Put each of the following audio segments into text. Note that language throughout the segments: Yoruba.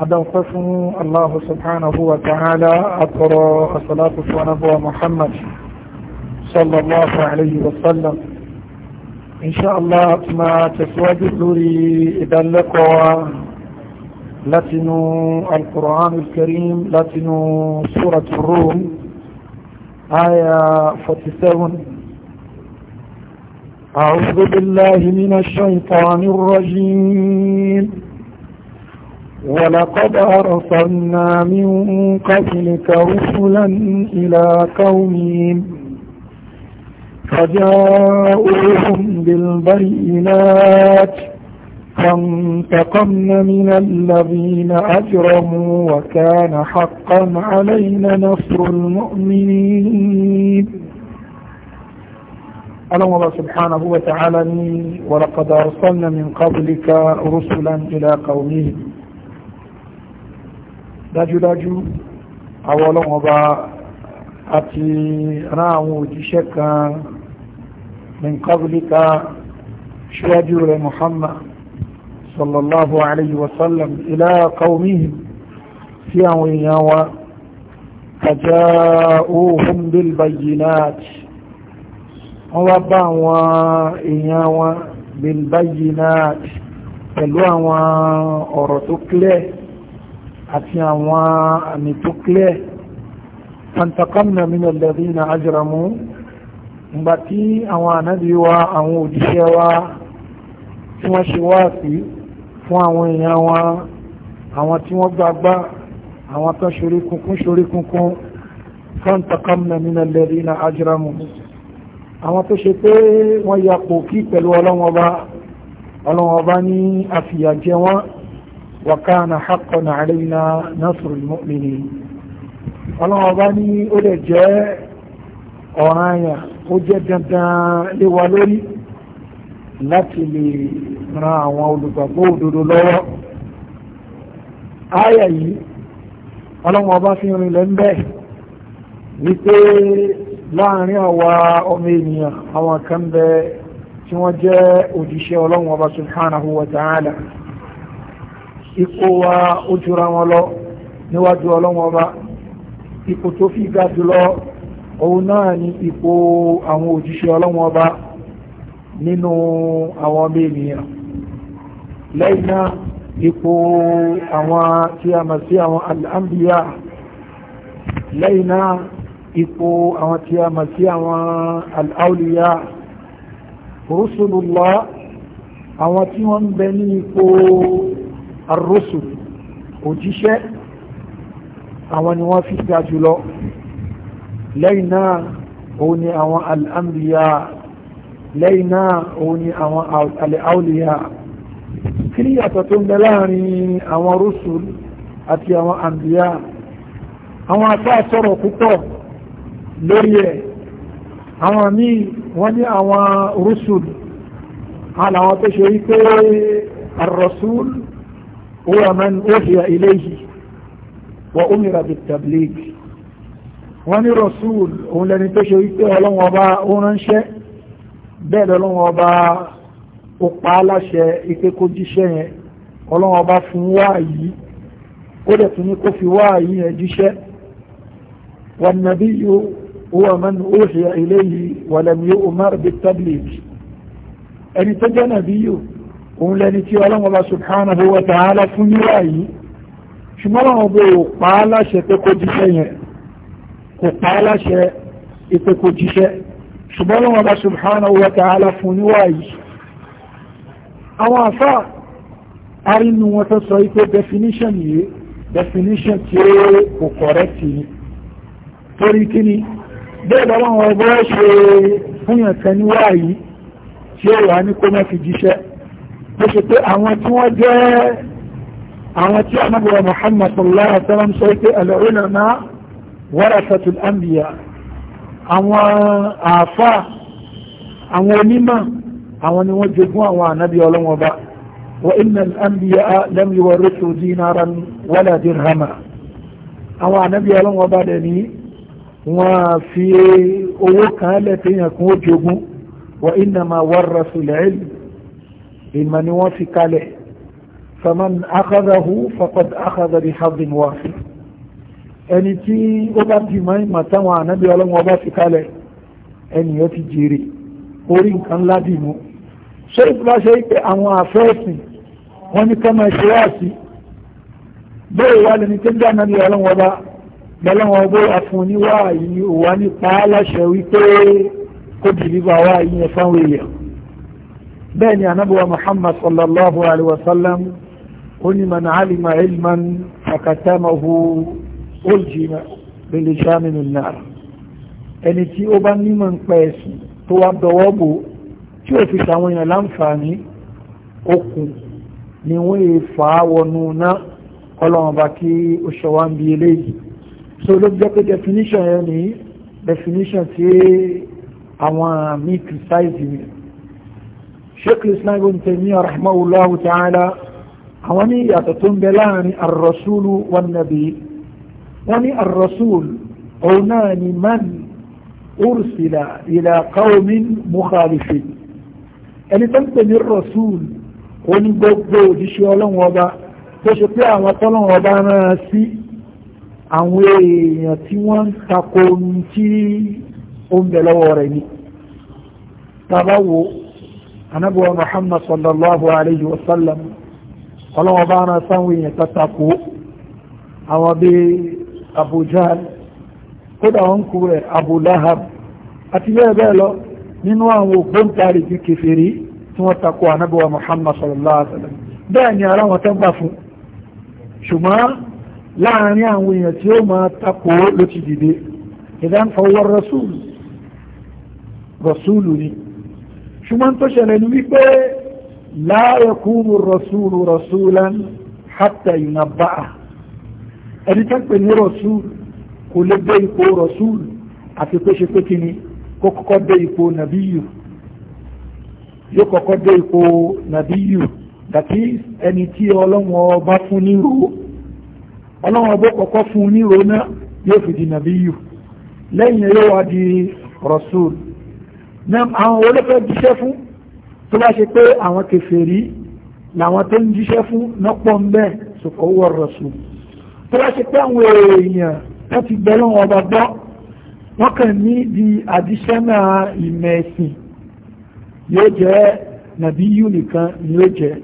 أدو قسم الله سبحانه وتعالى أطر الصلاة ونبوة محمد صلى الله عليه وسلم إن شاء الله ما تسواجه لوري إذا لقوا لتنو القرآن الكريم لتنو سورة الروم آية 47 أعوذ بالله من الشيطان الرجيم ولقد أرسلنا من قبلك رسلا إلى قومهم فجاءوهم بالبينات فانتقمنا من الذين أجرموا وكان حقا علينا نصر المؤمنين ألم الله سبحانه وتعالى ولقد أرسلنا من قبلك رسلا إلى قومهم dájúdájú àwọn ọlọ́run ọba àti rán àwọn òjíṣẹ́ kan min qablika ṣíwájú rẹ̀ muhammad sallallahu alayhi wa sallam ila qawmihim sí àwọn èèyàn wa فجاءوهم بالبينات وبعوا إياوا بالبينات pẹ̀lú àwọn ọ̀rọ̀ tó kílẹ̀ àti àwọn àmì tó clear fantakamna min alladhina ajramu ìgbà tí àwọn ànábì wa àwọn òjíṣẹ́ wa tí wọ́n ṣe wá sí fún àwọn èèyàn wa àwọn tí wọ́n gbagbá àwọn tó ṣorí kunkún ṣorí kunkún fantakamna min alladhina ajramu àwọn tó ṣe pé wọ́n yapò kí pẹ̀lú ọlọ́wọ́n bá ní àfìyàjẹ wọn وكان حقا علينا نصر المؤمنين ọlọ́wọ́ bá ní ó lè jẹ́ ọ̀ràn àyà ó jẹ́ dandan léwa lórí láti lè ran àwọn olùgbàgbọ́ òdodo lọ́wọ́ àyà yìí ọlọ́wọ́ bá fi rìn lẹ́ ń bẹ́ wípé láàrin àwa ọmọ ènìyàn àwọn kan bẹ tí wọ́n jẹ́ òjíṣẹ́ ọlọ́wọ́ bá subhanahu wa ta'ala. ala ipò wa ó jura wọn lọ níwájú ọlọ́wọ́n ọba ipò tó fi ga jùlọ òun náà ni ipò àwọn òjíṣẹ́ ọlọ́wọ́n ọba nínú àwọn ọmọ ènìyàn lẹ́yìn náà ipò àwọn tí a mọ̀ sí àwọn al-anbiya lẹ́yìn náà ipò àwọn tí a mọ̀ sí àwọn al-awliya àwọn tí wọ́n ń bẹ ní ipò ar-rusul òjíṣẹ́ àwọn ni wọ́n fi ga jùlọ lẹ́yìn náà òun ni àwọn al-anbiya lẹ́yìn náà òun ni àwọn al-awliya kí ni yàtọ̀ tó ń bẹ láàrin àwọn rusul àti àwọn anbiya àwọn afẹ́ àsọ̀rọ̀ púpọ̀ lórí ẹ̀ àwọn míì wọ́n ní àwọn rusul àwọn tó ṣe wípé ar هو من أوحي إليه وأمر بالتبليغ wọ́n ní rọ̀súùl òun lẹni tó ṣe wípé ọlọ́wọ́ ọba ó ránṣẹ́ bẹ́ẹ̀ lọ́wọ́ ọba ó pa á láṣẹ ipé kó jíṣẹ́ yẹn ọlọ́wọ́ ọba fún wáàyí ó dẹ̀ tún ní kó fi wáàyí yẹn jíṣẹ́ wọn nàbí yóò huwa man uhiya ilayhi wa lam yu'mar bit tabligh ẹni tó jẹ́ nàbí yóò òun lẹni tí ọlọ́mọba subhanahu wa ta'ala fún níwà yìí ṣùgbọ́n àwọn ọbẹ̀ ò pa á láṣẹ pé kó jíṣẹ́ yẹn kò pa á láṣẹ pé kó jíṣẹ́ ṣùgbọ́n ọlọ́mọba subhanahu wa ta'ala fún níwà yìí àwọn àfà arínú wọn tó sọ wípé definition yìí definition tí ó correct ni torí kí ni bẹ́ẹ̀ lọ́wọ́ àwọn ọbẹ̀ ṣe fún yàn kan níwà yìí tí ó wà ní kó má fi jíṣẹ́ bó ṣe pé àwọn tí wọ́n jẹ́ àwọn tí anábọ̀wà Muhammad sallallahu alaihi wasallam sọ pé al-ulama warasatul anbiya àwọn àfà àwọn onímọ̀ àwọn ni wọ́n jogún àwọn ànábì ọlọ́wọ́ bá wa inna al-anbiya lam yuwarrithu dinaran wala àwọn ànábì ọlọ́wọ́ bá dẹ̀ ní wọ́n fi owó kan lẹ́tẹ̀yàn kún ó jogún wa innama warrasul ilm ìmọ̀ ni wọ́n fi kalẹ̀ faman akhadahu faqad akhadha bi hadin wafin ẹni tí ó bá ti mọ́ ìmọ̀ táwọn ànábì ọlọ́wọ́n bá fi kalẹ̀ ẹni yóò ti jèrè orí nǹkan ládì mú ṣé ìfúnra ṣe pé àwọn àfẹ́ẹ̀sìn wọ́n ní ká máa ṣe wá sí bẹ́ẹ̀ wà lẹ́ni tó ń dá ànábì ọlọ́wọ́n bá lọ́lọ́wọ́n bó afun ní wáyé òwá nípa aláṣẹ wípé kó dìlíbà wáyé yẹn fáwọn èèyàn bẹ́ẹ̀ ni anábíwa muhammad sallallahu alaihi wasallam ó ní man alima ilman fakatamahu uljima bilishamin an-nar ẹni tí ó bá nímọ̀ ń pẹ́ ẹ̀sìn tó wá dọwọ́ bò tí ó fi sàwọn èèyàn láǹfààní okùn ni wọ́n lè fà á wọnú náà ọlọ́run bá kí ó ṣọwá ń bi eléyìí so ló jẹ́ pé definition yẹn ni definition tí àwọn mi criticize mi sheikh islam ibn taymiyyah rahimahullahu ta'ala àwọn ní ìyàtọ̀ tó ń bẹ láàrin arrasulu wa nabi wọ́n ní arrasul òun náà ni man ursila ila qawmin mukhalifin ẹni tó ń pè ní rasul òun ní gbogbo òjíṣẹ́ ọlọ́run ọba tó ṣe pé àwọn tọ́lọ́run ọba rán sí àwọn èèyàn tí wọ́n ń tako ohun tí ó ń bẹ lọ́wọ́ rẹ̀ ni tàbá wo anábíwá muhammad sallallahu alayhi wa sallam ọlọ́wọ́ bá ara sáwọn èèyàn tàtàkù àwọn bí abu jahl kódà wọn kú rẹ̀ abu lahab àti bẹ́ẹ̀ bẹ́ẹ̀ lọ nínú àwọn ògbóǹtarì bí kèfèrí tí wọ́n takò anábíwá muhammad sallallahu alayhi wa sallam bẹ́ẹ̀ ni ara wọn tẹ́ gbà fún ṣùgbọ́n tó ṣẹlẹ̀ ní wípé láyẹ̀kúrú rọ̀súlù rọ̀súlan hátà ìnàbáà ẹni tán pè ní rọ̀súlù kò lè gbé ipò rọ̀súlù àti pé ṣe pé kíni kó kọ́kọ́ dé ipò nàbíyù yóò kọ́kọ́ dé ipò nàbíyù dàtí ẹni tí ọlọ́wọ́n ọba fún níro ọlọ́wọ́n ọba kọ́kọ́ fún níro náà yóò fi nàbíyù lẹ́yìn yóò wá di rọ̀súlù náà àwọn olófẹ́ jíṣẹ́ fún tó bá ṣe pé àwọn kèfèrí làwọn tó ń jíṣẹ́ fún náà pọ̀ ń bẹ́ẹ̀ sọ̀kọ̀wọ́ rọ̀sù tó bá ṣe pé àwọn èèyàn wọ́n ti gbẹ́ lọ́wọ́ ọba gbọ́ wọ́n kàn ní di àdíṣẹ́nà ìmẹ̀ẹ̀sìn yóò jẹ́ nàbí yú nìkan ni ó jẹ́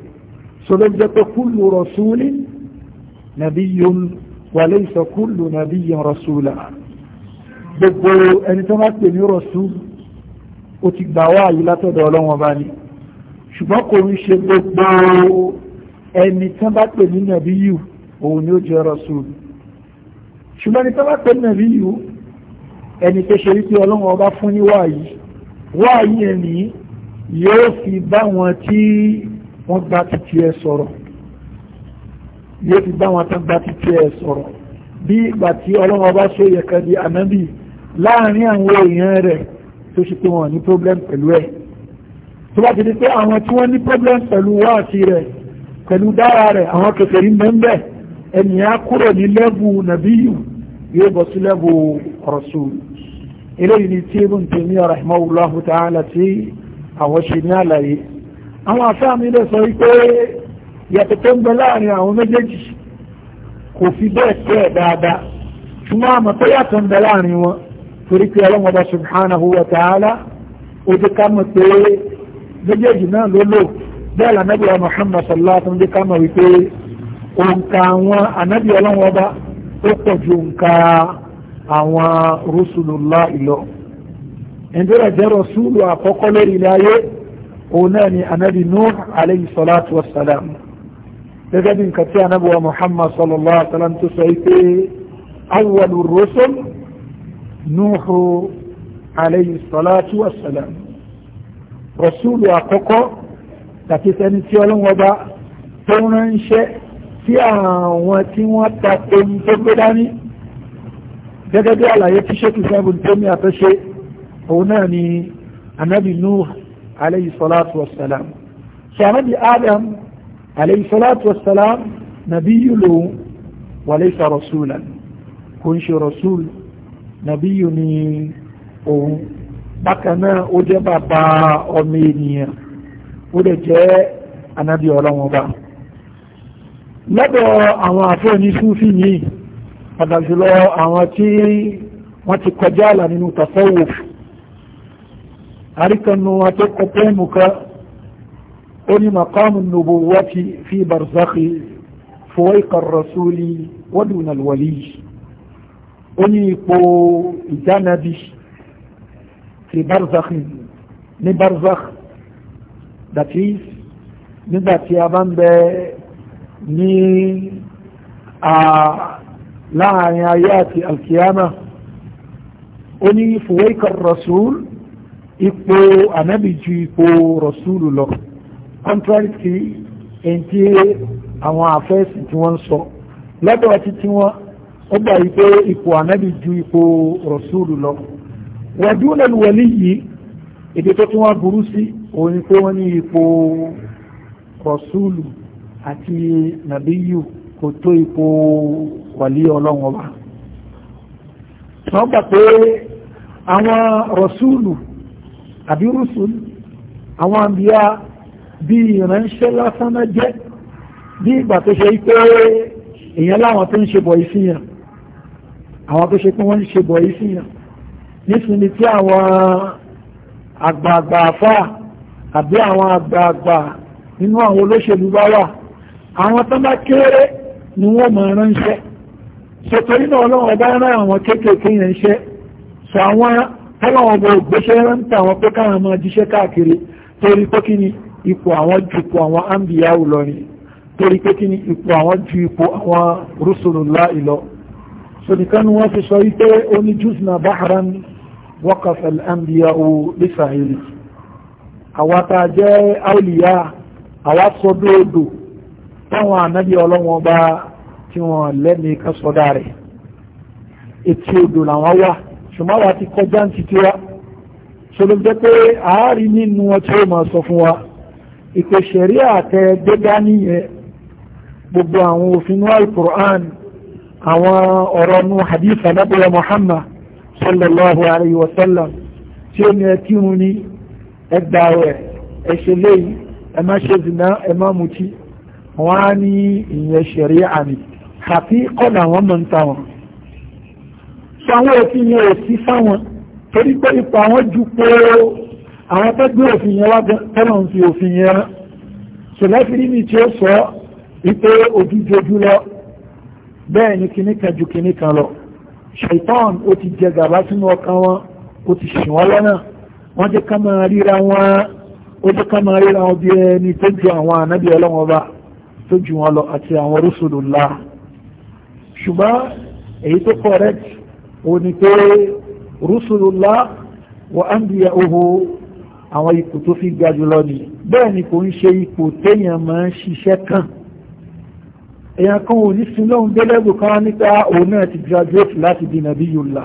sọlọ́ jẹ́ pé kúlù rọ̀súlì nàbí yó wàlẹ́ ìsọkúlù nàbí yó rọ̀súlà gbogbo ẹni tó má pè ní rọ̀súlù ó ti gbà wá yìí látọ̀dọ̀ ọlọ́wọ́n bá ní ṣùgbọ́n kò ń ṣe gbogbo ẹni tán bá pè ní nàbí yìí òun ni ó jẹ́ rọ́sùlù ṣùgbọ́n ẹni tán bá pè ní nàbí yìí ẹni tó ṣe wípé ọlọ́wọ́n ọba fún ní wáyí wáyí ẹni yóò fi bá wọn tí wọ́n gba títí ẹ sọ̀rọ̀ yóò fi bá wọn tán gba títí ẹ sọ̀rọ̀ bí ìgbà tí ọlọ́wọ́n ọba ṣe yẹ̀kan di ànábì láàárín àwọn èèyàn rẹ̀ tó ṣe pé wọn ní problem pẹ̀lú ẹ̀ tó bá ti di pé àwọn tí wọ́n ní problem pẹ̀lú wáàsí rẹ̀ pẹ̀lú dára rẹ̀ àwọn kèfèrí mẹ́mbẹ́ ènìyàn kúrò ní lẹ́bù nàbíyù yóò bọ̀ sí lẹ́bù rasul eléyìí ni tí ibùn tèmi rahimahullahu ta'ala tí àwọn ṣe torí pé ọlọ́run ọba subhanahu wa ta'ala ó ti ká mọ̀ pé méjèèjì náà ló lò bẹ́ẹ̀ lànàbí wa muhammad sallallahu alaihi wa sallam ti ká mọ̀ wípé òǹkà àwọn ànábì ọlọ́run ọba ó pọ̀ ju òǹkà àwọn rusulullah ìlọ ìdíra jẹ́ rasulu àkọ́kọ́ lórí ilé ayé òun náà ni ànábì nuh alayhi salatu wa salam gẹ́gẹ́ bí nǹkan tí ànábì wa muhammad sallallahu alaihi sọ wípé awwalu rusul nuhu alayhi salatu wa salam rasulu àkọ́kọ́ tàbí sẹni tí ọlọ́wọ́ bá tó ránṣẹ́ sí àwọn tí wọ́n ta ohun tó gbé dání gẹ́gẹ́ bí àlàyé tí ṣe kìí sẹ́bùn tó mi àtọ́ṣe òun náà ni anabi nuhu alayhi salatu wa so anabi adam alayhi salatu wa salam nabiyyu lahu wa laysa rasulan kun shi rasul nàbíyù ni òun bákan náà ó jẹ́ bàbá ọmọ ènìyàn ó dẹ̀ jẹ́ anábì ọlọ́wọ́n bá lọ́dọ̀ àwọn àfẹ́ ní súfì yìí pàtàkì jùlọ àwọn tí wọ́n ti kọjá àlà nínú tasawuf àríkànnù àtẹ́kọ̀ pẹ́mùká ó ní maqamu nubuwati fi barzakhi fuwaiqar rasuli wa dunal ó ní ipò ìjánabi ti barzakh ní barzakh that is nígbà tí a bá ń bẹ ní láàrin ayé àti alkiyama ó ní fuwaikar rasul ipò ànábì ju ipò rasulu lọ contrary ti èyí tí àwọn àfẹ́sì tí wọ́n ń sọ lọ́dọ̀ àti tí wọ́n ó gbà yí pé ipò ànábì ju ipò rọ̀ṣúlù lọ wàdú lẹ́nu wẹ̀lí yìí èdè tó tún wá burú sí òun ni pé wọ́n ní ipò rọ̀ṣúlù àti nàbíyù kò tó ipò wàlí ọlọ́wọ́n wa wọ́n gbà pé àwọn rọ̀ṣúlù àbí rọ̀ṣúlù àwọn àbíyá bí ìránṣẹ́ lásán náà jẹ́ bí ìgbà tó ṣe pé èèyàn láwọn tó ń ṣe bọ̀ ìfihàn àwọn tó ṣe pé wọ́n ń ṣe bọ̀ yìí sí yàn nísìnyí tí àwọn àgbààgbà àfà àbí àwọn àgbààgbà nínú àwọn olóṣèlú bá wà àwọn tó bá kéré ni wọ́n mọ̀ ránṣẹ́ sọ̀tọ̀rí náà ọlọ́run ọba rán àwọn kéékèèké yẹn ṣẹ́ sọ àwọn tọ́lọ́wọ́n ọba ògbéṣẹ́ rántà àwọn pé káwọn máa jíṣẹ́ káàkiri torí pé kí ni ipò àwọn ju ipò àwọn ámbìyá lọ ni torí pé kí ni ipò àwọn ju ipò àwọn rúṣùlùlá ìlọ sọ̀dìkan wọ́n fi sọ wípé oní jùsùnà bahran wọ́kàfà al'ambiya o lẹ́sàáyìí àwátá jẹ́ auliya àwásọdóòdò táwọn ànábí ọlọ́wọ́n bá tí wọ́n lẹ́ni ká sọ́dá rẹ̀ etí odò làwọn wà ṣùgbọ́n ti kọjá ń titi wa ṣọlọ́ jẹ́ pé ààrí nínú wọn tí ó máa sọ fún wa ìpèsè àtẹ gbégbá níyẹn gbogbo àwọn òfin ní alukur'an àwọn ọ̀rọ̀ nú hadith anábọ̀lá Muhammad sallallahu alayhi wa sallam tí ó ní ẹkírun ní ẹgbà rẹ̀ ẹ̀ṣẹ̀ léyìí ẹ má ṣe zina ẹ má mutí wọ́n á ní ìyẹn ṣẹ̀rí àmì àti kọ́nà àwọn mọ̀ ń ta wọn. sọ àwọn yẹn ò sí fáwọn torí pé ipò àwọn ju pé àwọn tó gbé òfin yẹn wá tọ́lọ̀ ń fi òfin yẹn rán. mi tí ó sọ wípé ojújojú lọ bẹ́ẹ̀ ni kìíní kan ju kìíní kan lọ ṣàìtàn ó ti jẹ gàba sínú ọkàn wọn ó ti ṣì wọ́n lọ́nà wọ́n jẹ́ ká máa ríra wọn ó jẹ́ ká máa ríra wọn bí ẹni tó ju àwọn ànábì ọlọ́wọ́n ọba tó ju wọn lọ àti àwọn rusulullah ṣùgbọ́n èyí tó correct òun ni pé rusulullah wa anbiya'uhu àwọn ipò tó fi ga jùlọ ni bẹ́ẹ̀ ni kò ń ṣe ipò téèyàn máa ń ṣiṣẹ́ kàn èèyàn kan ò ní sin lọ́hùn délẹ́gbò kan nípa ah, òun náà ti graduate láti di nàbí yòlá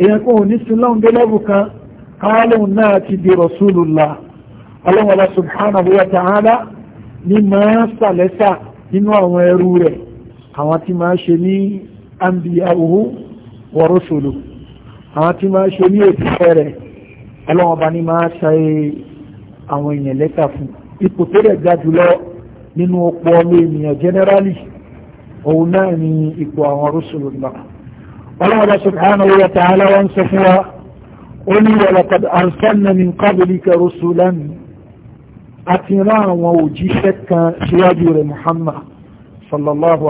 èèyàn kan ò ní sin lọ́hùn délẹ́gbò ah, kan káàlùn náà ti di rasulullah ọlọ́run ọba subhanahu wa ta'ala ní máa sàlẹ́sà nínú àwọn ẹrú rẹ̀ àwọn tí máa ṣe ní anbiya'uhu wa rusulu àwọn tí máa ṣe ní ètùfẹ́ rẹ̀ ọlọ́run ọba ní máa nínú ọ̀pọ̀ ọmọ ènìyàn generally òun náà ni ipò àwọn rusulullah ọlọ́run subhanahu wa ta'ala wọ́n sọ fún wa ó ní walaqad arsalna min qablika rusulan àti rán àwọn òjíṣẹ́ kan síwájú rẹ̀ muhammad sallallahu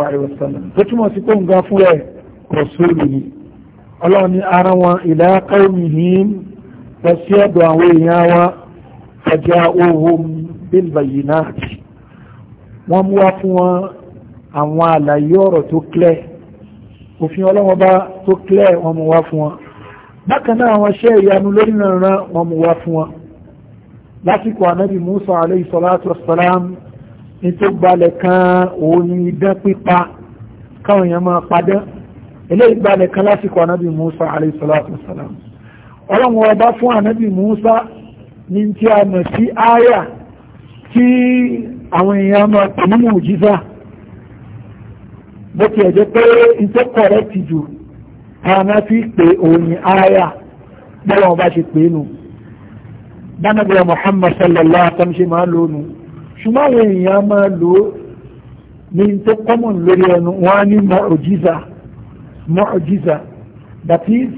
wọ́n mú wá fún wọn àwọn àlàyé ọ̀rọ̀ tó clé òfin ọlọ́wọ́n bá tó clé wọ́n mú wá fún wọn bákan náà àwọn iṣẹ́ ìyanu lórí ìrànràn wọ́n mú wá fún wọn lásìkò ànábì Musa alayhi salatu wassalam ní tó gbalẹ̀ kan tí a mọ̀ sí aya tí àwọn èèyàn máa pè ní mùjíza bó ti ẹ̀jẹ̀ pé ìtọ́kọ̀ rẹ̀ ti jù àwọn fi pè òyìn aya bọ́wọ́n bá ṣe pè nù dánàbíyà Muhammad sallallahu alaihi wasallam ṣe máa lò nù ṣùgbọ́n àwọn èèyàn máa lò ní tó kọ́mọ̀ lórí ẹnu wọn á ní mọ̀ọ́jíza mọ̀ọ́jíza that is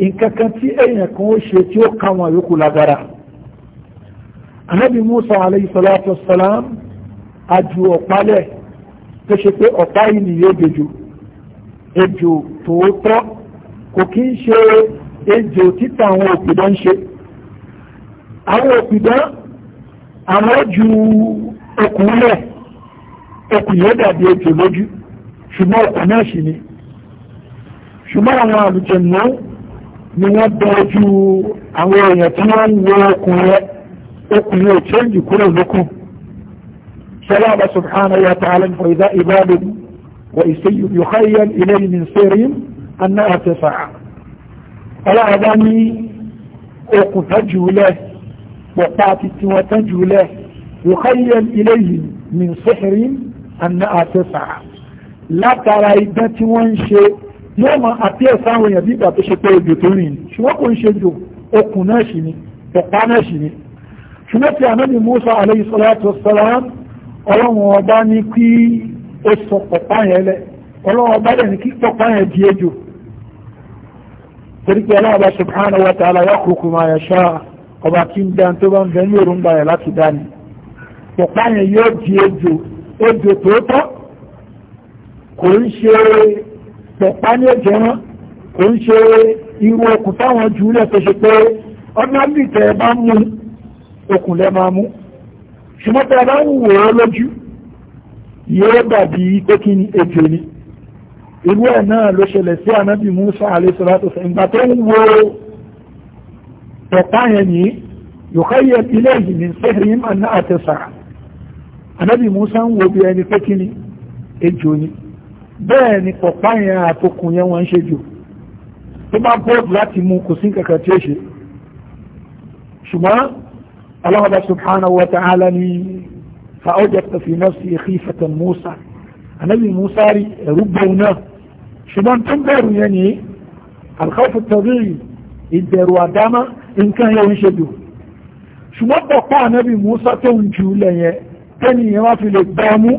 nǹkan tí èèyàn kan ó ṣe tí ó ká wọn yòókù anábì musa alayhi salatu salam, aju ọ̀pálẹ̀ tó ṣe pé ọ̀pá yìí nìyí ejò ejò tòótọ́ kò kí ń ṣe ejò títa àwọn òpìdán ń ṣe àwọn òpìdán àwọn ju okùn lẹ̀ okùn yóò dàbí ejò lójú ṣùgbọ́n okùn náà sì ni ṣùgbọ́n àwọn àlùjẹ̀nù ni wọ́n bẹ ojú àwọn èèyàn tí wọ́n ń wo okùn rẹ̀ okùn yóò change kúrò lókun sọlá bá subhanahu wa ta'ala ní fàyídá ìbáàdùn wa ìsẹ́yìn yòkáyán ilé min sẹ́rin anna àtẹ̀sà ọlọ́ọ̀bá ní okùn tán jùlẹ̀ pọ̀pá àti tiwọn tán jùlẹ̀ yòkáyán ilé min sẹ́rin anna àtẹ̀sà látara idán tí wọ́n ń ṣe yóò máa àti ẹ̀sáwọn èèyàn bí ìgbà tó ṣe pé ejò tó rìn ṣùgbọ́n kò ń ṣe jò okùn náà ṣì ni pọ̀pá náà ṣì ni ṣùgbọ́n tí ànábì Musa alayhi salatu wassalam ọlọ́run ọba ní kí ó sọ pọ̀pá yẹn lẹ ọlọ́run ọba dẹ̀ ní kí pọ̀pá yẹn di ejò torí pé aláàbá subhanahu wa ta'ala yakhluqu ma yasha ọba kí n dán tó bá ń bẹ ní òrùngbà yẹn láti dání pọ̀pá yẹn yóò di ejò ejò tòótọ́ kò ń ṣe pọ̀pá ní ẹ̀jẹ̀ wọn kò ń ṣe irun okùn táwọn jù ú lẹ̀ ṣe pé ọdún àbí ìtẹ̀ bá mú un okùn lẹ́ máa mú ṣùgbọ́n tí a bá ń wò ó lójú yóò dàbí pé kí ni ètò ni irú ẹ̀ náà ló ṣẹlẹ̀ sí anábì Musa alayhi ìgbà tó ń wo ọ̀pá yẹn ní yòkáyẹ ilé yìí ní sẹ́hìn àtẹ̀sára anábì Musa ń wo bí ẹni pé kí ni ejò ni bẹ́ẹ̀ ni ọ̀pá yẹn àtokùn yẹn wọ́n ń ṣe jò tó bá bọ́ọ̀dù láti mú kò sí kankan tí ó ṣe ṣùgbọ́n الله سبحانه وتعالى فأوجدت في نفسي خيفة موسى النبي موسى ربنا شبان تنبر يعني الخوف الطبيعي الدار وادامة إن كان يوجده ṣùgbọ́n pọ̀pọ̀ ànábì Musa tó ń ju lẹ́yẹn tẹ́ni yẹn wá fi lè gbá mú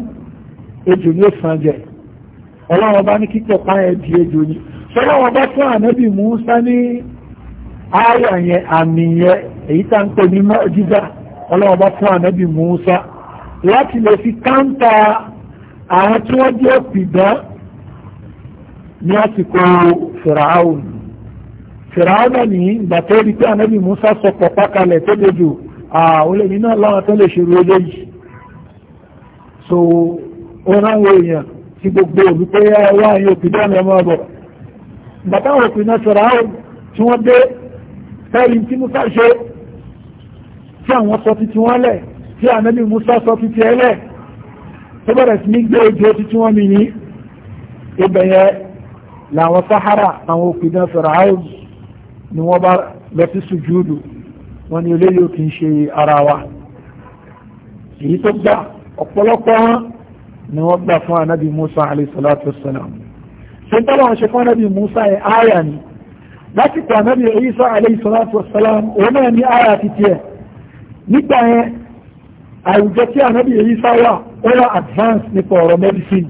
ejò ní òsàn jẹ ọlọ́wọ́n bá ní kíkọ̀ pa ẹ̀ di ejò ní ṣọlọ́wọ́n bá tún ànábì Musa ní a yẹn àmì yẹn èyí tá ń pè ní mọ́jíza ọlọ́wọ́ fún ànábì Musa láti lè fi káńtà àwọn tí wọ́n jẹ́ òpìdán ní àsìkò fìràáùn fìràáùn ní ìgbà tó rí pé ànábì Musa sọ pọ̀ pákalẹ̀ tó dojú àwọn tó lè ṣerú ọjọ́ yìí so ó ráwọ èèyàn tí gbogbo wáyé òpìdán bàtà tí wọ́n dé bẹ́ẹ̀ni tí musa ṣe tí àwọn sọ titi wọn lẹ̀ tí ànábì musa sọ titi ẹ lẹ̀ tó bẹ̀rẹ̀ sí ní gbé ojú titi wọn mi ní ibẹ̀ yẹn làwọn sahara àwọn òpìdán sọ̀rọ̀ ààrùn ni wọ́n bá lọ sí sùjúdù wọn ni eléyìí ò kì í ṣe ara wa èyí tó gbà ọ̀pọ̀lọpọ̀ wọn ni wọ́n gbà fún ànábì musa alayhi salatu wa salam ṣe ń tọ́lọ́ ṣe fún ànábì musa ẹ̀ áyà ni láti pa ànábì Ìsá alayhi salatu wassalam òun náà ní ara àti tiẹ̀ nígbà yẹn àwùjọ tí ànábì Ìsá wà ó wà advance nípa ọ̀rọ̀ medicine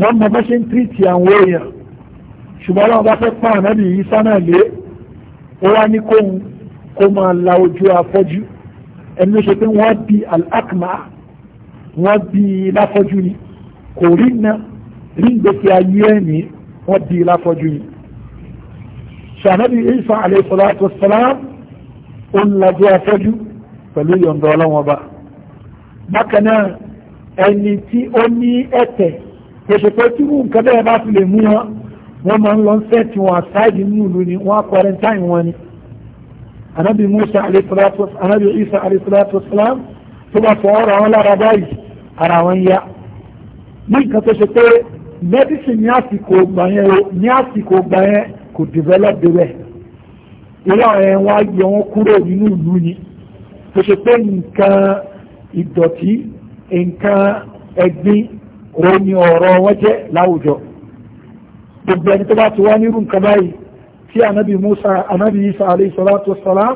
wọ́n mọ bá ṣe ń tírìtì àwọn èèyàn ṣùgbọ́n láwọn bá fẹ́ pa ànábì Ìsá náà lé ó wá ní kóhun kó máa la ojú afọ́jú ẹni ṣe pé wọ́n bí al wọ́n bí láfọ́jú ni kò rí ná rí ìgbésí ayé ẹ̀ ní wọ́n bí láfọ́jú ni sànẹ́bí Isa alayhi salatu wassalam ó ń lajú afẹ́jú pẹ̀lú yọ̀ǹda ọlọ́wọ́n ọba bákan náà ẹni tí ó ní ẹ̀tẹ̀ pèsè pé tí wù nǹkan bẹ́ẹ̀ bá fi lè mú wọn wọ́n máa ń lọ sẹ́ẹ̀tì wọn àsáìdì nínú ìlú ni wọ́n á kọrẹ́ntáìn wọn ni anabi Musa alayhi anabi Isa alayhi salatu tó bá fọ ọ̀rọ̀ àwọn lára báyìí ara wọn yá ní nǹkan tó ṣe ní àsìkò gbà ní àsìkò gbà kò develop débẹ̀ irú àwọn ẹ̀ wọ́n á yọ wọn kúrò nínú ìlú ni tó ṣe pé nǹkan ìdọ̀tí nǹkan ẹ̀gbin òun ni ọ̀rọ̀ wọn jẹ́ láwùjọ gbogbo ẹni tó bá ti wá nírú nǹkan báyìí tí anábì Musa anábì Isa alayhi salatu wassalam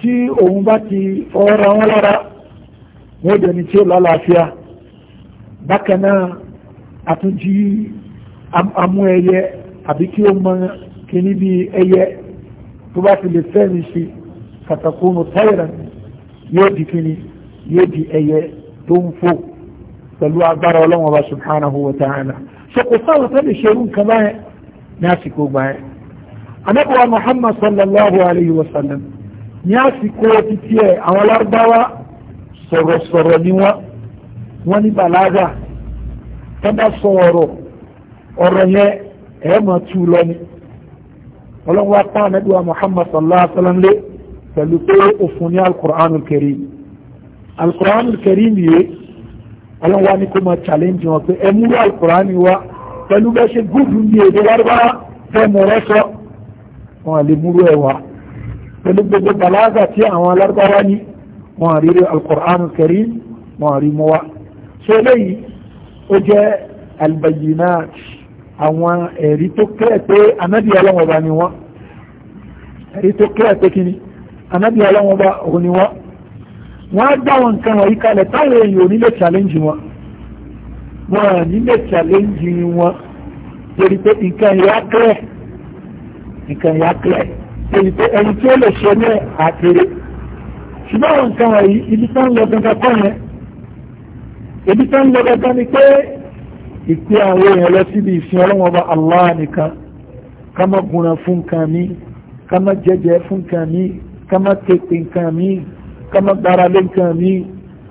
tí òun bá ti fọ́ra wọn lára wọ́n jẹ́ ni tí ó lálàáfíà bákan náà àtúnjí amú ẹyẹ àbí kí ó mọ kíní bí ẹyẹ tó bá ti lè fẹ́mi sí katakunu tayran yóò di kíní yóò di ẹyẹ tó ń fò pẹ̀lú agbára ọlọ́wọ́n bá subhanahu wa ta'ala so kò sáwọn tó lè ṣe irú nǹkan báyẹn ní àsìkò gbà yẹn anábọ̀wá muhammad sallallahu alayhi wa sallam ní àsìkò títí ẹ̀ àwọn lárúbáwá sọ̀rọ̀sọ̀rọ̀ ni wọ́n ní bàlágà tó bá sọ ọ̀rọ̀ ọ̀rọ̀ yẹn ẹ̀ mọ̀ tú lọ ni ọlọ́run wá pa ànábì wa muhammad sallallahu alayhi wa sallam lé pẹ̀lú pé ó fún ní alukur'anul karim alukur'anul karim yìí ọlọ́run wá ní kó máa challenge wọn pé ẹ múlò alukur'an wa pẹ̀lú bẹ́ẹ̀ ṣe gúdù ní èdè lárúbáwá fẹ́ mọ̀ rọ́ṣọ́ wọn lè múlò ẹ̀ wá pẹ̀lú gbogbo balaga tí àwọn lárúbáwá ní wọn àrírí alukur'anul karim wọn àrí mọ́ wa ṣe eléyìí ó jẹ́ albayinati àwọn ẹ̀rí tó kẹ́ pé anábì ọlọ́wọ́ ọba ni wọ́n ẹ̀rí tó kẹ́ pé kí ni anábì ọlọ́wọ́ ọba òun ni wọ́n wọ́n dá wọn nǹkan wọ̀nyí kalẹ̀ táwọn èèyàn ò nílé challenge wọn wọn à nílé challenge wọn torí pé nǹkan ìyá kílẹ̀ nǹkan ìyá kílẹ̀ torí pé ẹni tí ó lè ṣe ní àkèrè ṣùgbọ́n àwọn nǹkan wọ̀nyí ibi tán lọ gangan kọ́ yẹn ibi tán lọ gangan ni pé ìpé àwọn èèyàn lọ síbi ìsìn ọlọ́wọ́n bá Allah nìkan ká má gúnra fún nǹkan mi ká má jẹjẹ fún nǹkan kama ká má tètè nǹkan mi ká má gbára lé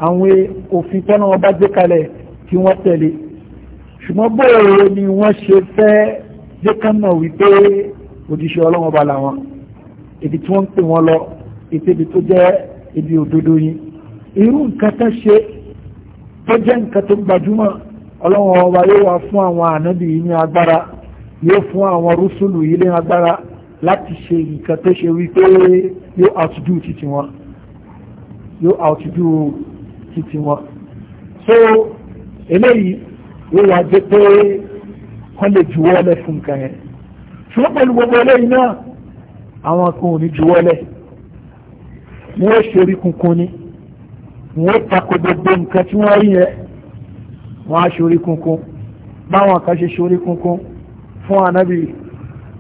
àwọn òfin tọ́nà wọn bá gbé kalẹ̀ kí wọ́n tẹ̀lé ṣùgbọ́n bóòrò ni wọ́n ṣe fẹ́ jẹ́ ká mọ̀ wípé òjíṣẹ́ ọlọ́wọ́n bá làwọn ibi tí wọ́n ń pè wọ́n lọ ìtẹ́bi tó jẹ́ ibi òdodo yìí irú nǹkan tó ṣe tó jẹ́ nǹkan tó gbajúmọ̀ ọlọ́wọ́n ọba yóò wá fún àwọn ànábì yìí ní agbára yóò fún àwọn rúsùlù yìí ní agbára láti ṣe nǹkan tó ṣe wípé yóò outdo títí wọn yóò outdo títí wọn so eléyìí yóò wá jẹ́ pé wọ́n lè juwọ́ lẹ̀ fún nǹkan yẹn ṣùgbọ́n pẹ̀lú gbogbo eléyìí náà àwọn kan ò ní juwọ́ lẹ̀ wọ́n ṣe orí kunkun ni wọ́n tako gbogbo nǹkan tí wọ́n rí yẹn wọ́n á ṣorí kunkun báwọn kan ṣe ṣorí kunkun fún anabi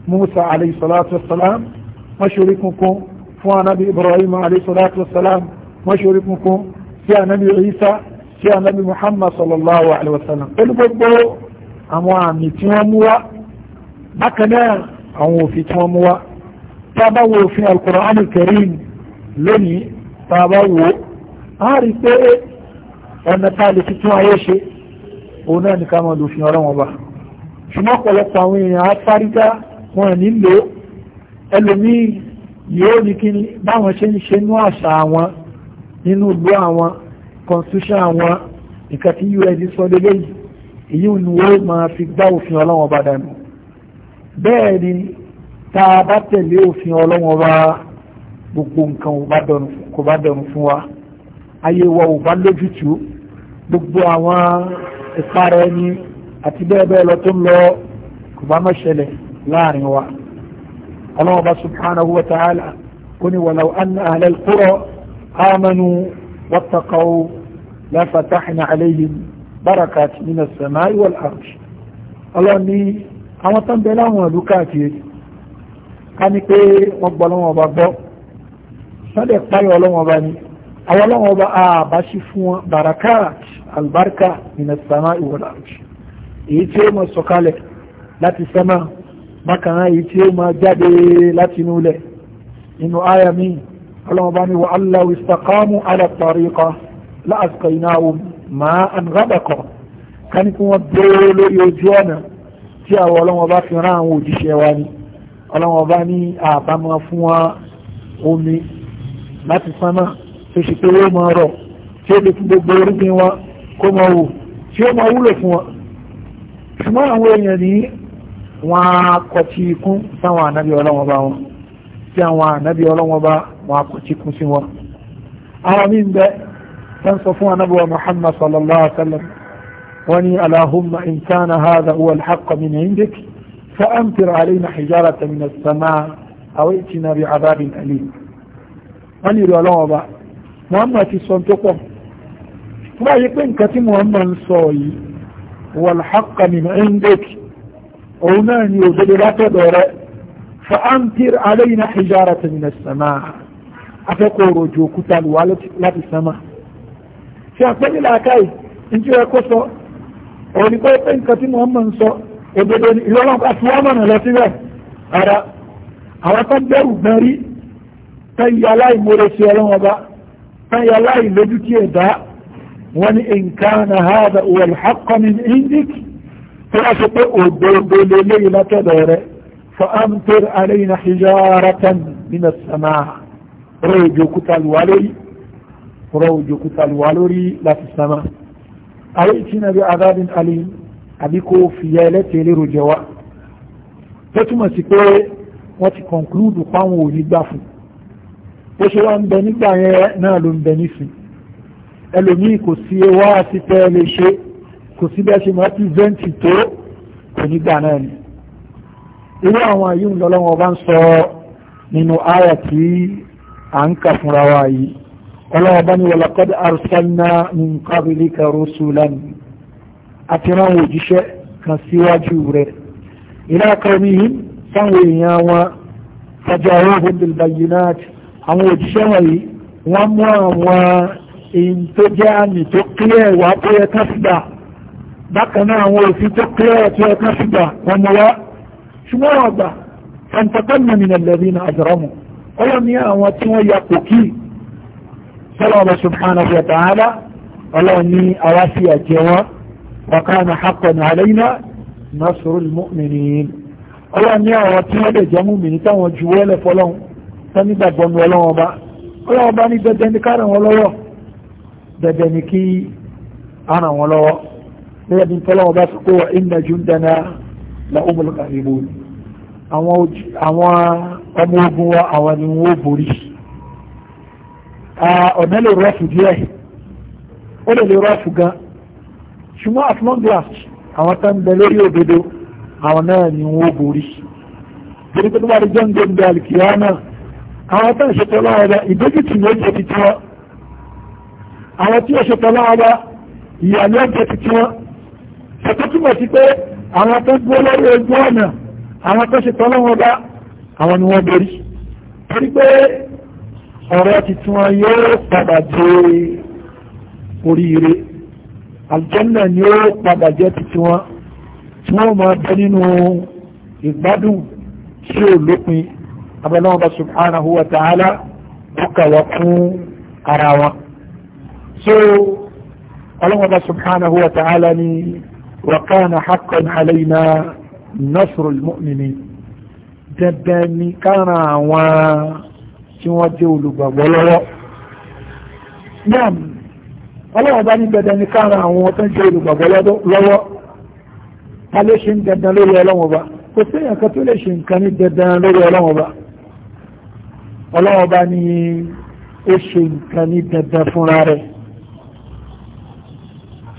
musa aleyhisalatu wasalam wọ́n ṣorí kunkun fún anabi ibrahim aleyhisalatu wasalam wọ́n ṣorí kunkun sí anabi isa sí anabi muhammad sallallahu alaihi wasallam pẹ̀lú gbogbo àwọn àmì tí wọ́n mú wá bákan náà àwọn òfin tí wọ́n mú wá tá a bá wo òfin alquran alkarim lónìí tá a bá wo a rí pé ọ̀nà tá a lè fi tún ayé ṣe òun náà ní ká máa lòfin ọ̀rọ̀ wọn bá ṣùgbọ́n ọ̀pọ̀lọpọ̀ àwọn èèyàn afárígá wọn nílò ẹlòmíì yóò ní kí báwọn ṣe ń ṣe nú àṣà àwọn nínú ìlú àwọn constitution àwọn nǹkan tí us sọ lélẹ́yìí èyí ni wọ́n máa fi gbá òfin ọlọ́wọ́n bá dànù bẹ́ẹ̀ ni tá a bá tẹ̀lé òfin ọlọ́wọ́n bá gbogbo nǹkan kò bá dànù fún wa ayé wa ò bá lójútùú gbogbo àwọn ìpara ẹni àti bẹ́ẹ̀ bẹ́ẹ̀ lọ tó ń lọ kò bá má ṣẹlẹ̀ láàrin wa Allah bá subhanahu wa ta'ala ó ní walau anna ahlal qura amanu wattaqaw la fatahna alayhim barakat minas samai wal ardi Allah ní àwọn tó ń bẹ láwọn ìlú káàkiri ká ní pé wọ́n gbọ́ lọ́wọ́ ọba gbọ́ sọ́dẹ̀ páyọ̀ ọlọ́wọ́ ọba ni àwọn ọlọ́wọ́ ọba àbá fún wọn barakat albarka minas sama'i wal ardi èyí tí ó máa sọ̀kalẹ̀ láti sánmà bákan náà èyí tí ó máa jáde láti inú ilẹ̀ inú àyà mi ọlọ́mọba ni wa allahu istaqamu ala tariqa la asqaynahum ma'an ghadaqa ká ní kí wọ́n dúró lórí ojú ọ̀nà tí àwọn ọlọ́mọba fi rán àwọn òjíṣẹ́ wa ni ọlọ́mọba ní àbámọ́ fún wa omi láti sánmà tó ṣe pé ó máa rọ̀ tí ó lè gbogbo orúgbìn wa kó mọ wò tí ó mọ wúlò fún wọn ṣùgbọ́n àwọn èèyàn ní wọn á kọtí ikún sáwọn ànábì ọlọ́wọ́n bá wọn tí àwọn ànábì ọlọ́wọ́n bá wọn á kọtí ikún sí wọn. àwọn míì ń bẹ wọ́n sọ fún ànábì wa Muhammad sallallahu alaihi wa sallam wọ́n ní alahumma in kana hadha huwa alhaqqa min indik fa amtir alayna hijaratan min as-samaa aw i'tina bi'adabin alim. wọ́n ní ìrọ̀lọ́wọ́n bá Muhammad ti sọ tó pọ̀ tó bá yẹ pé nǹkan tí Muhammad ń sọ yìí walhaqqa min indik òun náà ni òdodo látọ̀dọ̀ rẹ fa amtir alayna hijaratan min as-samaa afẹ́kọ̀ọ́ òròjò òkúta lùwà láti sánmà ṣe àpẹẹrẹ làákàyè nítorí ẹ kó sọ òun ni pé nǹkan tí Muhammad ń sọ òdodo ni ìrọ̀lọ́pàá tí wọ́n mọ̀nà lọ síbẹ̀ ara àwọn tó bẹ̀rù gbọ́n rí láì mórèsí ọlọ́wọ́ bá tẹ́yà láì lójú ẹ̀dá وإن كان هذا هو الحق من عندك فأشطئ الدول لليلة دار فأمطر علينا حجارة من السماء روجك تلولي روجك تلولي لا في السماء أيتنا بعذاب أليم أبيكو في يالتي لرجواء تتما سكوي وتي كونكلود قاموا لبافو وشوان بني نالون بني ẹlòmí kò sí ewá àti tẹ́ẹ̀lẹ̀ ṣe kò sí bẹ́ẹ̀ ṣe mọ́ pírísẹ́ǹtì tó kò nígbà náà ni irú àwọn àyíwò lọ́lọ́wọ́ bá ń sọ nínú àyà tí à ń kà fúnra wa yìí ọlọ́wọ́ bá ní walaqad arsalna min qablika rusulan àti ráwọn òjíṣẹ́ kan síwájú rẹ̀ ila qawmihim sáwọn èèyàn wọn fajaruhum bil bayyinat àwọn òjíṣẹ́ wọ̀nyí wọ́n mú àwọn èyí tó jẹ́ àmì tó clear wà tó yẹ ká fi gbà bákan náà àwọn òfin tó clear tó yẹ ká fi gbà wọn mọ̀ wá ṣùgbọ́n àgbà fàǹtàkọ́nà mìíràn lẹ́bí na àjọrọ́mù ọlọ́ni àwọn tí wọ́n ya kò kí sọ́lọ́ọ̀bọ̀ subhanahu ọba ní dandan ní kárẹ̀ wọn lọ́wọ́ dandan ni kí ara wọn lọ́wọ́ lẹ́yìn bí tọ́lọ́wọ́ bá sọ pé wà inna jundana la umul gharibun àwọn ọmọ ogun wa àwọn ni wọ́n borí ọ̀nà lè rọ́ọ̀fù díẹ̀ ó lè lè rọ́ọ̀fù gan ṣùgbọ́n at long àwọn tó bẹ lórí òdodo àwọn náà ni wọ́n borí torí pé tó jẹ́ ń gbé àwọn tó ń ṣe ìdójútì ní ó jẹ́ àwọn tí ó ṣe tọ́lá ọba ìyàlẹ́ ọjọ́ títí wọn ṣẹ̀tọ́ túnmọ̀ sí pé àwọn tó gbó lórí ojú ọ̀nà àwọn tó ṣe tọ́lá ọba àwọn ni wọ́n borí torí pé ọ̀rọ̀ títí wọn yóò padà dé oríire àlùjànnà ni ó padà jẹ́ títí wọn tí wọ́n máa bẹ nínú ìgbádùn tí ó lópin abẹ́lẹ́wọ̀n bá subhanahu wa ta'ala ó fún ara wọn so ọlọ́mọba subhanahu wa ta'ala ni wa kana haqqan alayna nasrul mu'minin dandan ni kára àwọn tí wọ́n jẹ́ olùgbàgbọ́ lọ́wọ́ náà ọlọ́mọba ní dandan ni kára àwọn tó ń jẹ́ olùgbàgbọ́ lọ́wọ́ ta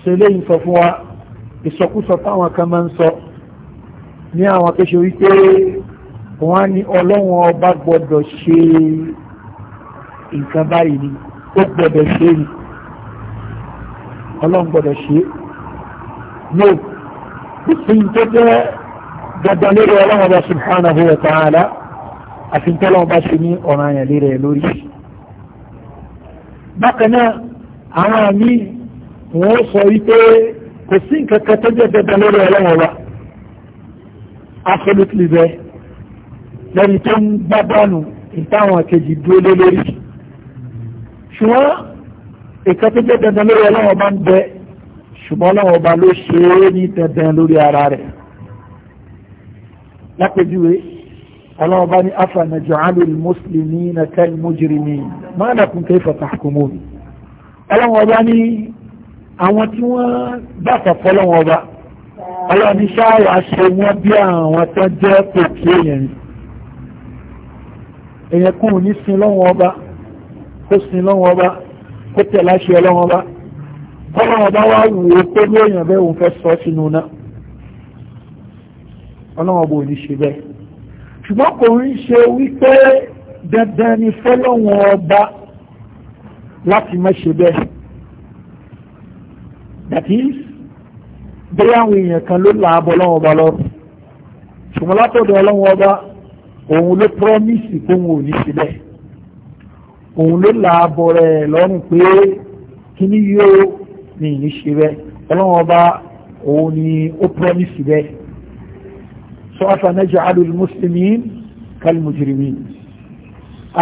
sọ eléyìí sọ fún wa ìsọkúsọ táwọn kan máa ń sọ ní àwọn tó wípé wọ́n á ní ọlọ́wọ́n ọba gbọ́dọ̀ ṣe nǹkan báyìí ni ó gbọ́dọ̀ ṣe ni ọlọ́run gbọ́dọ̀ ṣe no òfin tó jẹ́ dandan lórí ọlọ́run ọba subhanahu wa ta'ala àfi ń tọ́lọ́run bá ṣe ní ọ̀ràn àyàn lérè lórí bákan náà àwọn àmì wọ́n sọ wípé kò sí nǹkan kan tó jẹ́ dandan lórí ọlọ́wọ́ wa absolutely bẹ́ẹ̀ lẹ́ni tó ń gbá bọ́ọ̀nù ìtàwọn kejì dúró lé lórí ṣùgbọ́n ìkan tó jẹ́ dandan lórí ọlọ́wọ́ bá ń bẹ ṣùgbọ́n ọlọ́wọ́ bá ló ṣe é ní dandan lórí ara rẹ̀ lápèjúwe ọlọ́wọ́ bá ní afànàjọ́ alul muslimina kal mujrimin ma lakum kayfa tahkumun ọlọ́wọ́ bá ní àwọn tí wọ́n bá kọ̀kọ́ lọ́wọ́ ọba ọlọ́ni ṣáàrọ̀ aṣe wọ́n bí àwọn tó jẹ́ pòkí èèyàn ni èèyàn kún ní sin lọ́wọ́ ọba kó sin lọ́wọ́ ọba kó tẹ̀ láṣẹ ọlọ́wọ́ ọba ọlọ́wọ́ ọba wá wù ó pé bí èèyàn bẹ́ẹ̀ òun fẹ́ sọ sínú náà ọlọ́wọ́ ọba ò ní ṣe bẹ́ẹ̀ ṣùgbọ́n kò ń ṣe wípé dandan ni fọ́lọ́wọ́ ọba láti má ṣe bẹ́ẹ̀ that is bí àwọn èèyàn kan ló là á bọ́ lọ́wọ́ ọba lọ́rùn ṣùgbọ́n látọ̀dọ̀ ọlọ́wọ́ ọba òun ló promise pé òun ò ní sílẹ̀ òun ló là á bọ̀ rẹ̀ lọ́rùn pé kíní yóò ní ìní ṣe bẹ́ẹ̀ ọlọ́wọ́ ọba òun ni ó promise bẹ́ẹ̀ sọ afanẹ́jọ alul muslimin kalmujrimin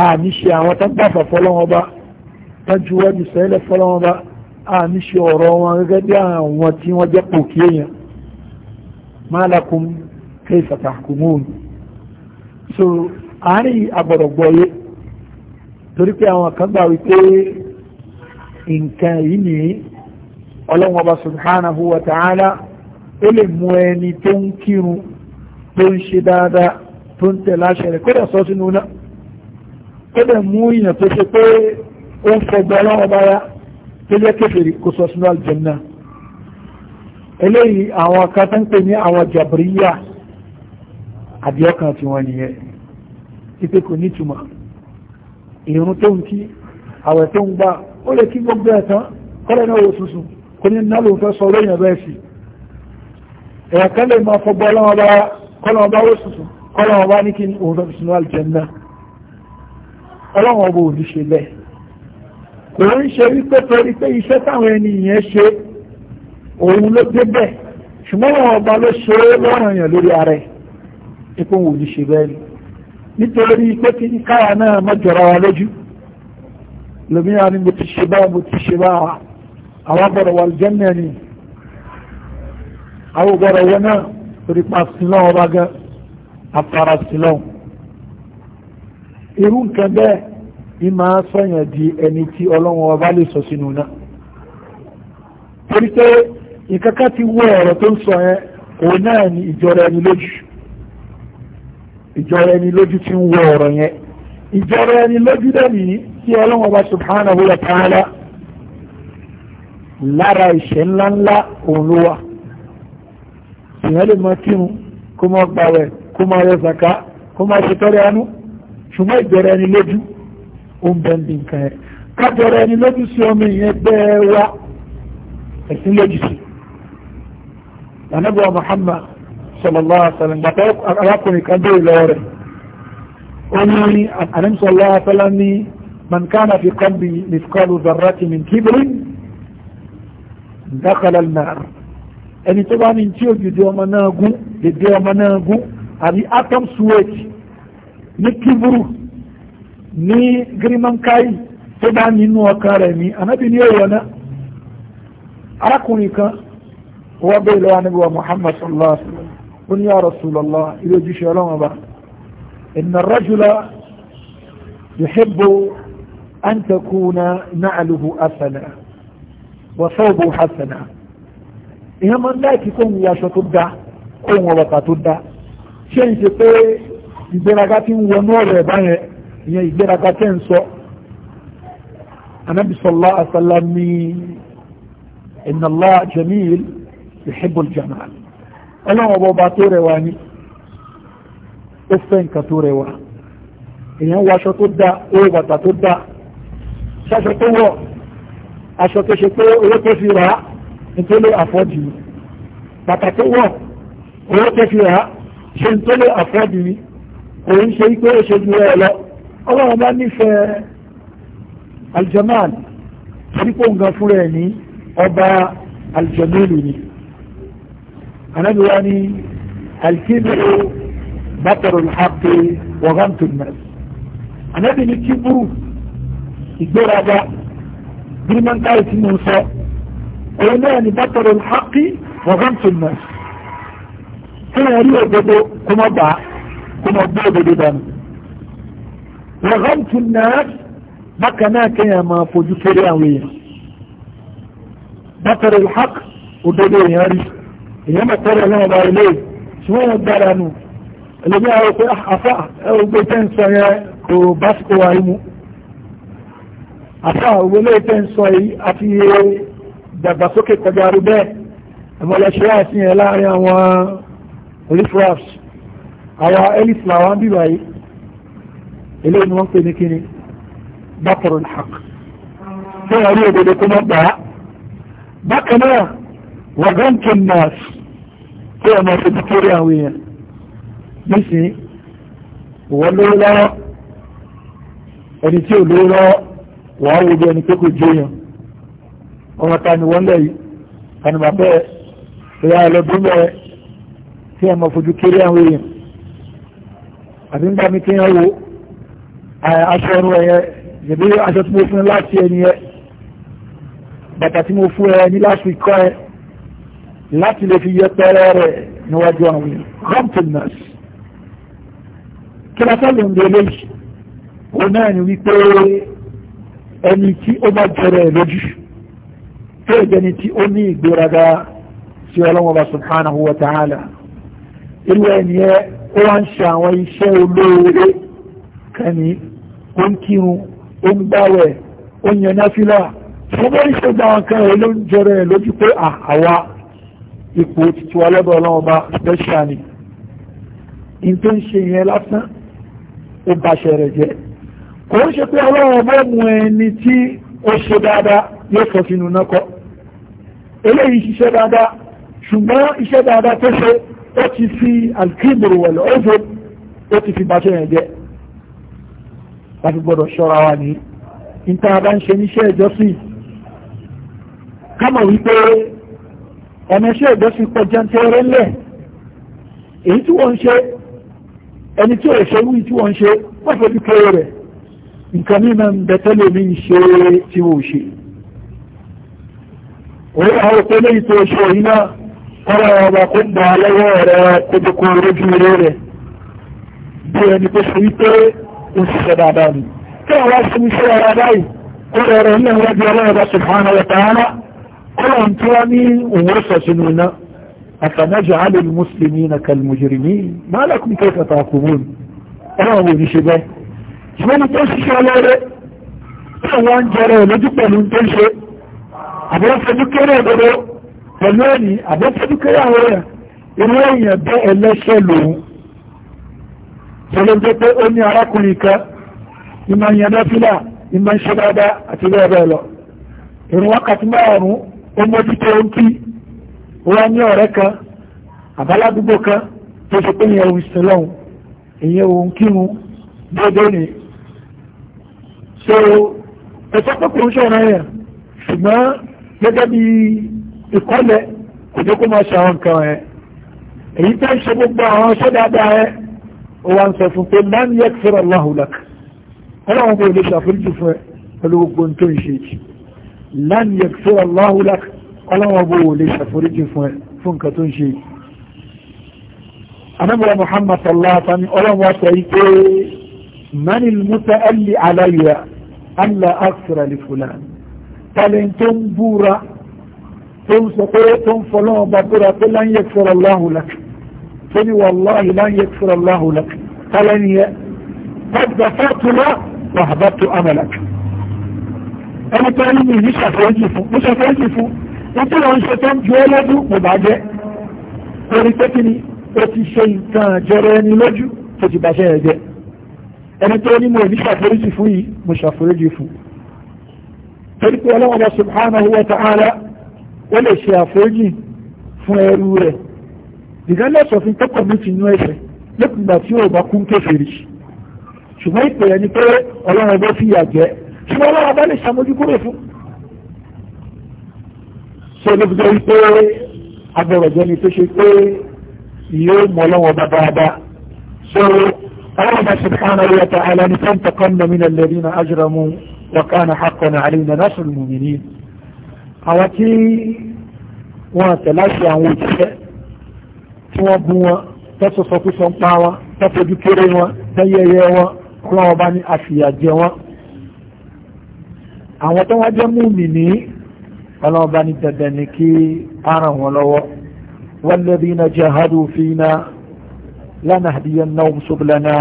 a ní ṣe àwọn tó gbàfà fọlọ́wọ́ ọba tó juwọ́ jù sẹ́lẹ̀ fọlọ́wọ́ ọba àmì ṣe ọ̀rọ̀ wọn gẹ́gẹ́ bí àwọn tí wọ́n jẹ́ pòkí èèyàn malakum kayfa tahkumun so àárín àgbọ̀dọ̀gbọ̀yé torí pé àwọn kan gbà wípé nǹkan yìí ni ọlọ́run ọba subhanahu wa ta'ala ó lè mú ẹni tó ń kírun tó ń ṣe dáadáa tó ń tẹ̀lé àṣẹ rẹ̀ kódà sọ sínú náà kódà mú ìyàn tó ṣe pé ó ń fọgbọ́ ọlọ́run ọba yá tó jẹ́ kéfèrè kó sọ sínú aljanna eléyìí àwọn kan tó ní àwọn jàbíríyà àdìọ́kan tí wọ́n nìyẹn ipe kò ní túmọ̀ ìrún tó ń kí àwẹ̀ tó ń gbà ó lè kí gbogbo ẹ̀tàn kọ́lẹ̀ náà wò tuntun kò ní náà lòun fẹ́ sọ lóyìn ọ̀bẹ́ sí ẹ̀yà kan lè máa fọgbọ́ ọlọ́wọ́n bá wò tuntun kọ́lọ́wọ́n bá ní kí òun fẹ́ sínú aljanna ọlọ́wọ́n bò ní ṣe bẹ́ẹ̀ kò ń ṣe wípé torí pé iṣẹ́ táwọn ẹni yẹn ṣe òun ló dé bẹ́ẹ̀ ṣùgbọ́n wọn ọba ló ṣe é lọ́rùn èèyàn lórí ara ẹ̀ ipò wò ní ṣe bẹ́ẹ̀ ni nítorí pé kí ní káwa náà má jọra wa lójú lómìnira ni mo ti ṣe báwa mo ti ṣe báwa àwọn gbọ́dọ̀ wà lùjẹ́ náà ni àwọn gbọ́dọ̀ wọ náà torí pa sílọ̀ ọba gan afárá sílọ̀ irú nǹkan bẹ́ẹ̀ ìmọ̀ sọ̀yàn di ẹni tí ọlọ́run ọba lè sọ sínú náà torí pé ìkankan ti wọ ọ̀rọ̀ tó ń sọ yẹn òun náà ni ìjọra ẹni lójú ìjọra ẹni lójú ti ń wọ ọ̀rọ̀ yẹn ìjọra ẹni lójú dẹ́ni tí ọlọ́run ọba subhanahu wa ta'ala lára ìṣẹ́ ńláńlá òun ló wà ìyẹn lè máa kírun kó máa gbàwẹ̀ kó máa yọ zaka kó máa ṣe tọrẹ ṣùgbọ́n ìjọra ẹni lójú ó ń bẹ́ẹ̀ bí nǹkan ẹ̀ kájọra ẹni lójú sí ọmọ ìyẹn bẹ́ẹ̀ wá ẹ̀sìn lójú sí ànábọ̀ Muhammad sallallahu alaihi wasallam gbàtà arákùnrin kan bẹ́ẹ̀ lọ́wọ́ rẹ̀ ó ní ànábì sallallahu alaihi wasallam ní man kana fi qalbi mithqalu dharratin min kibrin dakhala an-nar ẹni tó bá ní girimankai tó bá nínú ọkàn rẹ̀ ní anábì ní èèyàn náà arákùnrin kan wọ́n bẹ́ẹ̀ lọ́wọ́ anábì wa muhammad sallallahu alaihi wa sallam ó ní ya rasulallah ilé ojúṣe ọlọ́run ọba inna rajula yuhibbu an takuna na'luhu asana wa thawbuhu hasana ìyẹn máa ń láìkí kóhun aṣọ tó dáa kóhun ọ̀bàtà tó dáa ṣé ń ṣe pé ìgbéraga ti ń wọnú ọ̀rọ̀ ẹ̀ báyẹn ìyẹn ìgbéraga tẹ́ ń sọ anábì sallallahu alaihi wasallam ní inna Allah jamil yuhibbul jamal ọlọ́wọ́ bọ́ bá tó rẹwà ní ó fẹ́ nǹkan tó rẹwà èèyàn wọ aṣọ tó dá owó bàtà tó dá ṣaṣọ tó wọ̀ aṣọ tó ṣe pé owó tó fi rà á nítorí àfọ́dì ni bàtà tó wọ̀ owó tó fi rà á ṣe nítorí àfọ́dì ni òun ṣe pé ó ṣe ju ẹ lọ ọlọ́run bá nífẹ̀ẹ́ aljaman sípò nǹkan fúnra ẹ̀ ní ọba aljamilu ni anábìwá ní alkibiru bàtàrò lùhàpé wọ̀gántùmẹ̀ anábì ní kíburu ìgbéraga bírímọ́ntàì tí mo ń sọ òun náà ní bàtàrò lùhàpé wọ̀gántùmẹ̀ kí wọ́n rí òdodo kó mọ́ bá kó mọ́ gbé òdodo dànù wàhámtù náà bákan náà kéèyàn máa fojú kéré àwọn èèyàn bàtàrà ìhàk òdodo èèyàn rí èèyàn bàtàrà ọlọ́run bá ilé tí wọ́n yàn gbára nù ẹlẹ́bí àwọn pé ah, àfà ẹgbẹ́ tẹ́ ń sọ yẹn kò bá sì kó wa mú àfà òwélé tẹ́ ń sọ yìí àti dàgbàsókè kọjá arúgbẹ́ ẹ̀mọ́lẹ́ṣẹ́ àti yẹn láàrin àwọn olifraps àwọn elif làwọn bíbá yìí eléyìí ni wọ́n pè ní kíni bákọ̀rọ̀ hàk fún ọ̀rí òdodo kó má gbà á bákan náà wàgáǹtì nọ́ọ̀sì tí ọmọ ìṣèjú kéré àwọn èèyàn nísìnyí ìwọ lówó lọ́wọ́ ẹni tí ò lówó lọ́wọ́ wàá wo bí ẹni pé kò jóyàn ọmọ ta ni wọ́n lẹ̀ yìí ẹni bàbá ẹ̀ ìyá ẹ̀ lọ́dún mẹ́rẹ̀ tí ọmọ fojú kéré àwọn èèyàn àbí ń bá mi kí wọ́n wo aṣọ ẹrú ẹyẹ ìbí aṣọ tí mo fún láti ẹni ẹ bàtà tí mo fún ẹ ní láti kọ́ ẹ láti lè fi yẹpẹrẹ rẹ̀ níwájú àwọn comptoners kí látàlù ń lè léyìí òun náà ni wípé ẹni tí ó bá jẹrẹ lójú tó ìjẹni tí ó ní ìgbéraga sí ọlọ́wọ́ba subhanahu wa ta'ala ilé ẹni ẹ ó wá ń ṣe àwọn iṣẹ́ olóore kẹ́ni ó ń kírun ó ń gbáwẹ̀ ó ń yan náfílà ṣùgbọ́n oríṣiríṣi àwọn kan rẹ̀ ló ń jọrọ ẹ̀ lójú pé àwa ipò tuntun alọ́dọ̀ ọlọ́run ọba special ni in tó ń ṣe yẹn lásán ó bàṣẹ rẹ̀ jẹ́ kò ń ṣe pé ọlọ́run mú ẹni tí ó ṣe dáadáa yóò sọ sínú náà kọ́ eléyìí ṣiṣẹ́ dáadáa ṣùgbọ́n iṣẹ́ dáadáa tó ṣe ó ti fi alkibru wal ó ti fi bàṣẹ yẹn jẹ́ láti gbọ́dọ̀ ṣọ́ra wa ní níta bá ń ṣe níṣẹ́ ìjọsìn kámọ̀ wípé ọ̀nà iṣẹ́ ìjọsìn pọ̀ jẹntẹrẹ ńlẹ̀ èyí tí wọ́n ń ṣe ẹni tí ò ṣe wí tí wọ́n ń ṣe wọ́n fẹ́ dúkẹ́ rẹ̀ nǹkan mímọ̀ ń bẹ tẹ́lẹ̀ mi ń ṣe tí wọ́n ṣe orí àwọn òpélé ìtò òṣèlú yìí náà kọ́ra ọba kó gbà lọ́wọ́ rẹ̀ kójókòó lójú rẹ̀ bí ẹni tó ṣe wípé وسبابي كانوا اسمي سبابي قرر انه رضي الله سبحانه وتعالى قلهم تواني ووسسنونا افنجعل المسلمين كالمجرمين ما لكم كيف انا راهو نشبه شبه نتنسي شعلاله اوان جاره لجبه ننتنسي ابو رفا دكره بلو فلواني ابو رفا دكره ورية اروان يبقى الله شلو tọ́lọ́ jẹ́ pé ó ní arákùnrin kan ìmọ̀ ìyànáfílà ìmọ̀ ìṣẹ́dáadá àti bẹ́ẹ̀ bẹ́ẹ̀ lọ ìrìn wákàtí márùn-ún ó mójútó ń kí wọ́n ní ọ̀rẹ́ kan àbáládúgbò kan tó ṣe pé ìyẹ̀wò ìsìnlọ́hùn ìyẹn òun kírun déédéé ni so ẹ̀sọ́ pé kò ń ṣọ̀rọ̀ yẹn ṣùgbọ́n gẹ́gẹ́ bí ìkọ́lẹ̀ kò jẹ́ kó máa ṣe nǹkan yẹn èyí tó ń ṣe gbogbo àwọn ṣẹ́dáadá yẹn ó wá ń sọ fún pé man yakfir Allahu lak ọlọ́run kò lè ṣàforíjì fún ẹ pẹ̀lú gbogbo tó ń ṣe jì lan yakfir Allahu lak ọlọ́run kò lè ṣàforíjì fún ẹ fún nǹkan tó ń ṣe jì anábìrà Muhammad sallallahu alaihi wa sallam ọlọ́run wá فلوالله لن يكفر الله لك فلن ي... قد دفعت له واهبطت املك انا تعلمي مش هتوجفه مش هتوجفه انت لو الشيطان جولده مبعجاء ورثتني اتي الشيطان جراني لجو تجيب عشان يجاء انا تعلمي مش هتوجفه مش هتوجفه فلت الله سبحانه وتعالى ولا شافوجي فيروره regardless of in tọ́kọ̀ mi ti nú ẹ̀ṣẹ̀ lẹ́kùngbà tí yóò bá kún kéferì ṣùgbọ́n ìpè ẹni pé ọlọ́run ọgbẹ́ fi yàgbẹ́ ṣùgbọ́n ọlọ́run ọba lè ṣàmójúkúrò fún. ṣé ló fi jẹ́ wípé agbẹ̀rọ̀jẹ́ ni tó ṣe pé yóò mọ ọlọ́run ọba dáadáa so ọlọ́run ọba subhanahu wa ta'ala ni fantaqamna mina alladhina ajramu wa kana haqqan alayna nasrul mu'minin àwọn tí wọ́n tí wọ́n bú wọn tẹ́tù sọ pé sọ ń pa wọn tẹ́tù ojú kéré wọn tẹ́yẹyẹ wọn ọlọ́wọ́n bá ní àfìyàjẹ wọn àwọn tó wá jẹ́ múmi ní ọlọ́wọ́n bá ní dandan ní kí ara wọn lọ́wọ́ walladhina jahadu fina lanahdiyannahum sublana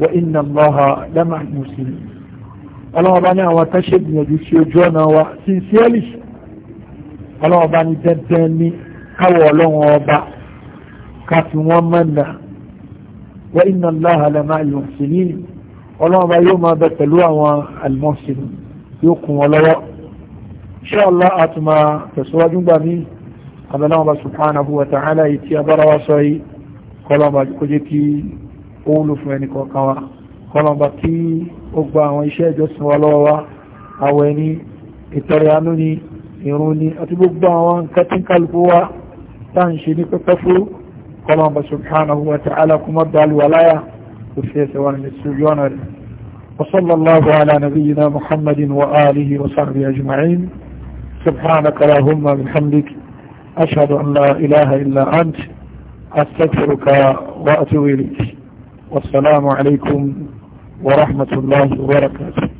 wa inna Allaha lama'a al-muhsinin ọlọ́wọ́n bá ní àwọn tó gbìyànjú sí ojú ọ̀nà wa sincerely ọlọ́wọ́n ní dandan ní káwọ̀ ọlọ́wọ́n ọba ká fi wọ́n mọ̀nà wa inna Allaha lama al-muhsinin ọlọ́run bá yóò máa bẹ pẹ̀lú àwọn al-muhsinin yóò kún wọn lọ́wọ́ insha Allah àtùmọ̀ tẹ̀síwájú gbà mí abẹ́láwọn bá subhanahu wa ta'ala yìí tí abára wa sọ yìí kọ́lọ́mà kó jẹ́ kí ó wúlò fún ẹnì kọ̀ọ̀kan wa kọ́lọ́mà kí ó gba àwọn iṣẹ́ ìjọsìn wa lọ́wọ́ wa àwọ̀ ẹni ìtọrẹ àánú ni ìrun ni àti gbogbo àwọn nǹkan wa tá à ń ṣe ní pẹ́pẹ́ fúrú kọlọ̀ọ̀bà سبحانه وتعالى ta'ala الولاية dalu walaya وصلى الله على نبينا محمد وآله وصحبه أجمعين سبحانك اللهم بحمدك أشهد أن لا إله إلا أنت أستغفرك وأتوب إليك والسلام عليكم ورحمة الله وبركاته